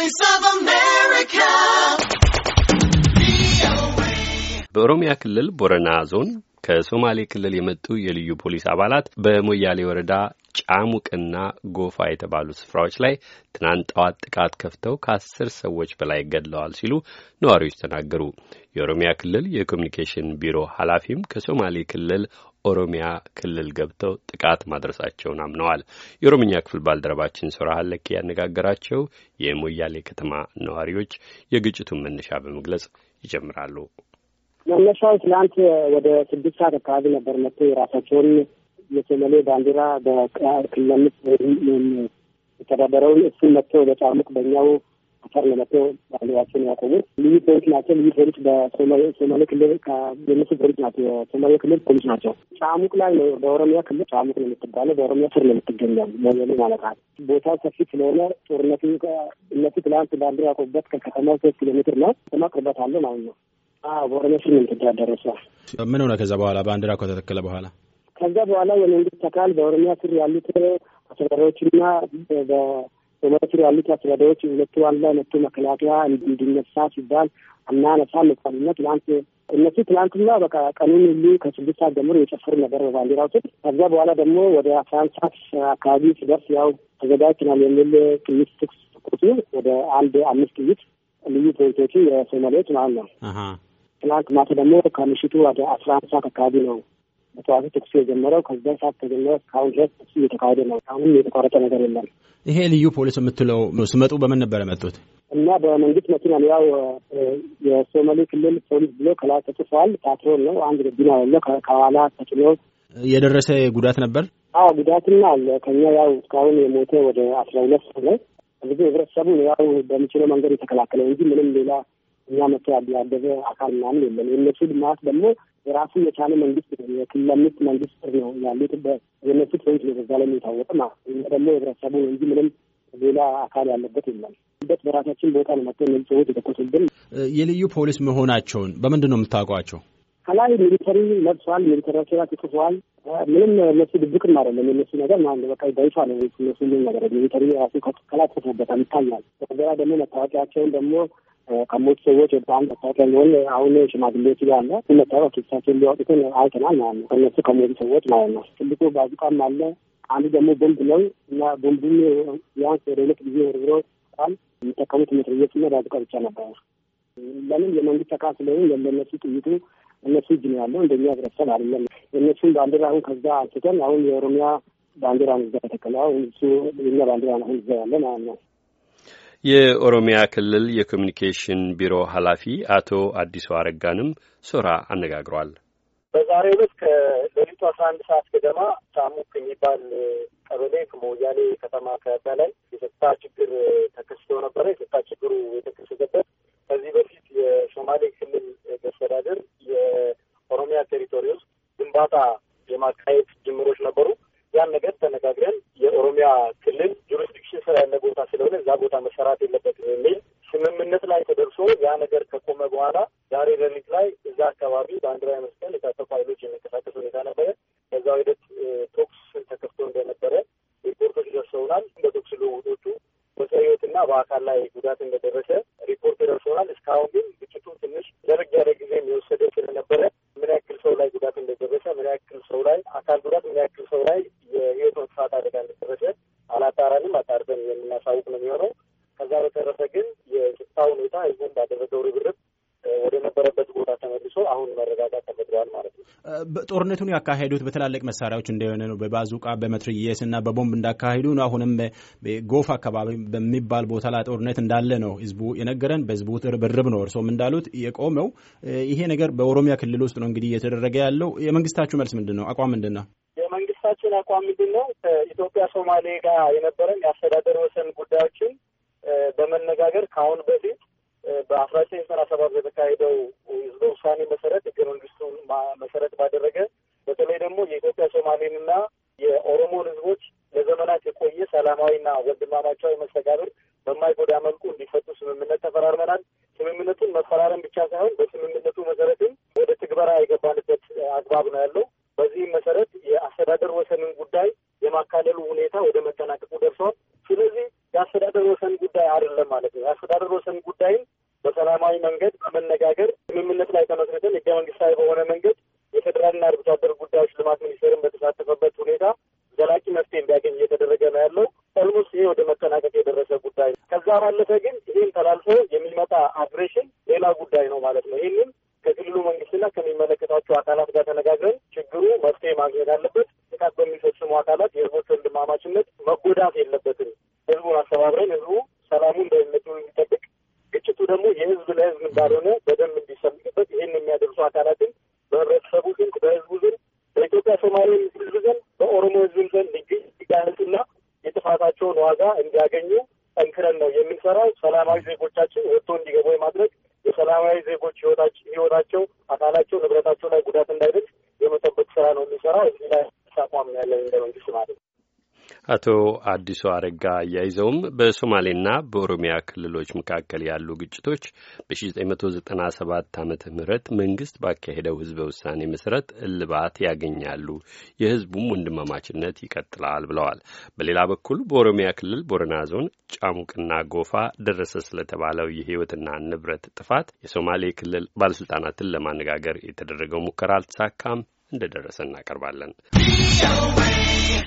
Voice of America. በኦሮሚያ ክልል ቦረና ዞን ከሶማሌ ክልል የመጡ የልዩ ፖሊስ አባላት በሞያሌ ወረዳ ጫሙቅና ጎፋ የተባሉ ስፍራዎች ላይ ትናንት ጠዋት ጥቃት ከፍተው ከአስር ሰዎች በላይ ገድለዋል ሲሉ ነዋሪዎች ተናገሩ። የኦሮሚያ ክልል የኮሚኒኬሽን ቢሮ ኃላፊም ከሶማሌ ክልል ኦሮሚያ ክልል ገብተው ጥቃት ማድረሳቸውን አምነዋል። የኦሮምኛ ክፍል ባልደረባችን ሶራ ሀለኬ ያነጋገራቸው የሞያሌ ከተማ ነዋሪዎች የግጭቱን መነሻ በመግለጽ ይጀምራሉ። መነሻው ትላንት ወደ ስድስት ሰዓት አካባቢ ነበር መጥቶ የራሳቸውን የሶማሌ ባንዲራ በክልል የተዳደረውን እሱን መጥቶ በጫሙቅ በእኛው አፈር ለመተው ባህላቸውን ያቆሙ ልዩ ፖሊስ ናቸው። ልዩ ፖሊስ በሶማሌ ክልል የነሱ ፖሊስ ናቸው። የሶማሌ ክልል ፖሊስ ናቸው። ጫሙቅ ላይ ነው። በኦሮሚያ ክልል ጫሙቅ ነው የምትባለው። በኦሮሚያ ስር ነው የምትገኘው። ሞያሌ ማለት ነው። ቦታው ሰፊ ስለሆነ ጦርነቱ እነሱ ትላንት ባንዲራ ያቆሙበት ከከተማው ሶስት ኪሎ ሜትር ነው። ከተማ ቅርበት አለ ማለት ነው። በኦሮሚያ ስር ነው የምትዳደረው ምን ሆነ ከዛ በኋላ ባንዲራ ከተተከለ በኋላ ከዛ በኋላ የመንግስት አካል በኦሮሚያ ስር ያሉት አስተዳዳሪዎችና በመቱ ያሉት አስተዳዳሪዎች ሁለቱ ዋና ሁለቱ መከላከያ እንዲነሳ ሲባል አናነሳ ነሳልና ትላንት እነሱ ትላንትና በቃ ቀኑን ሁሉ ከስድስት ሰዓት ጀምሮ የጨፈሩ ነበር በባንዲራው ስር። ከዛ በኋላ ደግሞ ወደ አስራ አንድ ሰዓት አካባቢ ሲደርስ ያው ተዘጋጅተናል የሚል ጥይት ትኩስ ቁጡ ወደ አንድ አምስት ጥይት ልዩ ፖሊሶቹ የሶማሌዎች ማለት ነው። ትላንት ማታ ደግሞ ከምሽቱ ወደ አስራ አንድ ሰዓት አካባቢ ነው በጠዋቱ ተኩሱ የጀመረው ከዛ ሰዓት ተጀመረ እስካሁን ድረስ ተኩሱ እየተካሄደ ነው። አሁንም የተቋረጠ ነገር የለም። ይሄ ልዩ ፖሊስ የምትለው ስመጡ በምን ነበረ መጡት? እና በመንግስት መኪና ያው የሶማሌ ክልል ፖሊስ ብሎ ከላይ ተጽፏል። ፓትሮል ነው። አንድ ግቢና ያለ ከኋላ ተጭኖ የደረሰ ጉዳት ነበር። አዎ ጉዳትና አለ። ከኛ ያው እስካሁን የሞተ ወደ አስራ ሁለት ሰው ነው። ብዙ ህብረተሰቡ ያው በሚችለው መንገድ የተከላከለ እንጂ ምንም ሌላ እኛ መቶ ያደገ አካል ምናምን የለም። የእነሱ ልማት ደግሞ የራሱ የቻለ መንግስት ነው፣ የክለምት አምስት መንግስት ነው ያሉት። የእነሱ ሰዎች ነው በዛ ላይ የሚታወቅ ማለት ነው። ደግሞ ህብረተሰቡ እንጂ ምንም ሌላ አካል ያለበት የለም። በት በራሳችን ቦታ ነው መጥቶ እነዚህ ሰዎች የተኮሱብን። የልዩ ፖሊስ መሆናቸውን በምንድን ነው የምታውቋቸው? ከላይ ሚሊተሪ ለብሷል፣ ሚሊተሪ አስራት ይጽፏል። ምንም እነሱ ድብቅም አይደለም የነሱ ነገር ማለት በቃ በይፋ ነው እነሱ ሁሉም ነገር ሚሊተሪ ራሱ ከላይ ጽፎበታል ይታያል። በዛ ደግሞ መታወቂያቸውን ደግሞ ከሞቱ ሰዎች ወደ መታወቂያ ሊሆን አሁን ሽማግሌዎች ጋር አለ መታወቂያ ኪሳቸውን ሊያወጡትን አይተናል ማለት ነው። ከነሱ ከሞቱ ሰዎች ማለት ነው። ትልቁ ባዙቃም አለ። አንዱ ደግሞ ቦምብ ነው እና ቦምቡን ቢያንስ ወደ ሁለት ጊዜ ወርብሮ ል የሚጠቀሙት መትረየስና ባዙቃ ብቻ ነበር። ለምን የመንግስት አካል ስለሆኑ ለእነሱ ጥይቱ እነሱ እጅ ነው ያለው። እንደኛ ህብረተሰብ አይደለም። እነሱን ባንዲራ አሁን ከዛ አንስተን አሁን የኦሮሚያ ባንዲራ ነው እዛ የተከለው። እሱ የኛ ባንዲራ አሁን እዛ ያለ ማለት ነው። የኦሮሚያ ክልል የኮሚኒኬሽን ቢሮ ኃላፊ አቶ አዲሱ አረጋንም ሶራ አነጋግሯል። በዛሬው ዕለት ከሌሊቱ አስራ አንድ ሰዓት ገደማ ታሙክ የሚባል ቀበሌ ከሞያሌ ከተማ ከበላይ የጸጥታ ችግር ተከስቶ ነበረ። የጸጥታ ችግሩ የተከሰተበት ከዚህ በፊት የሶማሌ ግንባታ የማካሄድ ጅምሮች ነበሩ። ያን ነገር ተነጋግረን የኦሮሚያ ክልል ጁሪስዲክሽን ስራ ያለ ቦታ ስለሆነ እዛ ቦታ መሰራት የለበትም የሚል ስምምነት ላይ ተደርሶ ያ ነገር ከቆመ በኋላ ዛሬ ሌሊት ላይ እዛ አካባቢ ባንዲራ መስቀል የታጠቁ ኃይሎች የሚንቀሳቀስ ሁኔታ ነበረ። በዛው ሂደት ቶክስ ተከፍቶ እንደነበረ ሪፖርቶች ደርሰውናል። በቶክስ ልውውጦቹ በሰው ህይወትና በአካል ላይ ጉዳት እንደደረሰ ይሁን ባደረገው ርብርብ ወደ ነበረበት ቦታ ተመልሶ አሁን መረጋጋት ተፈጥሯል ማለት ነው። ጦርነቱን ያካሄዱት በትላልቅ መሳሪያዎች እንደሆነ ነው። በባዙቃ በመትርየስ እና በቦምብ እንዳካሄዱ ነው። አሁንም ጎፍ አካባቢ በሚባል ቦታ ላይ ጦርነት እንዳለ ነው ህዝቡ የነገረን። በህዝቡ ርብርብ ነው እርሶም እንዳሉት የቆመው ይሄ ነገር በኦሮሚያ ክልል ውስጥ ነው እንግዲህ እየተደረገ ያለው። የመንግስታችሁ መልስ ምንድን ነው? አቋም ምንድን ነው? የመንግስታችን አቋም ምንድን ነው? ከኢትዮጵያ ሶማሌ ጋር የነበረን የአስተዳደር ወሰን ጉዳዮችን በመነጋገር ከአሁን በፊት በአስራ ዘጠኝ ዘጠና ሰባት በተካሄደው ህዝበ ውሳኔ መሰረት ህገ መንግስቱን መሰረት ባደረገ በተለይ ደግሞ የኢትዮጵያ ሶማሌንና የኦሮሞን ህዝቦች ለዘመናት የቆየ ሰላማዊና ወንድማማቻዊ መስተጋብር በማይጎዳ መልኩ እንዲፈቱ ስምምነት ተፈራርመናል። ስምምነቱን መፈራረም ብቻ ሳይሆን በስምምነቱ መሰረት የቴዎድሮስን ጉዳይም በሰላማዊ መንገድ በመነጋገር ስምምነት ላይ ተመስርተን ህገ መንግስታዊ በሆነ መንገድ የፌዴራልና አርብቶ አደር ጉዳዮች ልማት ሚኒስቴርን በተሳተፈበት ሁኔታ ዘላቂ መፍትሄ እንዲያገኝ እየተደረገ ነው ያለው። ኦልሞስት ይሄ ወደ መጠናቀቅ የደረሰ ጉዳይ ነው። ከዛ ባለፈ ግን ይህን ተላልፎ የሚመጣ አግሬሽን ሌላ ጉዳይ ነው ማለት ነው። ይህንን ከክልሉ መንግስትና ከሚመለከታቸው አካላት ጋር ተነጋግረን ችግሩ መፍትሄ ማግኘት አለበት። ጥቃት በሚፈጽሙ አካላት የህዝቦች ወንድማማችነት መጎዳት የለበትም። ህዝቡን አስተባብረን ህዝቡ ሰላሙን ደህንነቱን እንዲጠብቅ ደግሞ የህዝብ ለህዝብ እንዳልሆነ በደንብ እንዲሰምቅበት ይህን የሚያደርሱ አካላትን በህብረተሰቡ ዘንድ፣ በህዝቡ ዘንድ፣ በኢትዮጵያ ሶማሌ ህዝብ ዘንድ፣ በኦሮሞ ህዝብ ዘንድ ሊገኝ ሲጋለጡና የጥፋታቸውን ዋጋ እንዲያገኙ ጠንክረን ነው የምንሰራው። ሰላማዊ ዜጎቻችን ወጥቶ እንዲገቡ የማድረግ የሰላማዊ ዜጎች ህይወታቸው፣ አካላቸው፣ ንብረታቸው ላይ ጉዳት እንዳይደርስ የመጠበቅ ስራ ነው የሚሰራው። እዚህ ላይ ሳቋም ያለን እንደ መንግስት ማለት ነው። አቶ አዲሱ አረጋ አያይዘውም በሶማሌና በኦሮሚያ ክልሎች መካከል ያሉ ግጭቶች በ1997 ዓመተ ምህረት መንግስት ባካሄደው ህዝበ ውሳኔ መሰረት እልባት ያገኛሉ፣ የህዝቡም ወንድማማችነት ይቀጥላል ብለዋል። በሌላ በኩል በኦሮሚያ ክልል ቦረና ዞን ጫሙቅና ጎፋ ደረሰ ስለተባለው የህይወትና ንብረት ጥፋት የሶማሌ ክልል ባለስልጣናትን ለማነጋገር የተደረገው ሙከራ አልተሳካም። እንደደረሰ እናቀርባለን።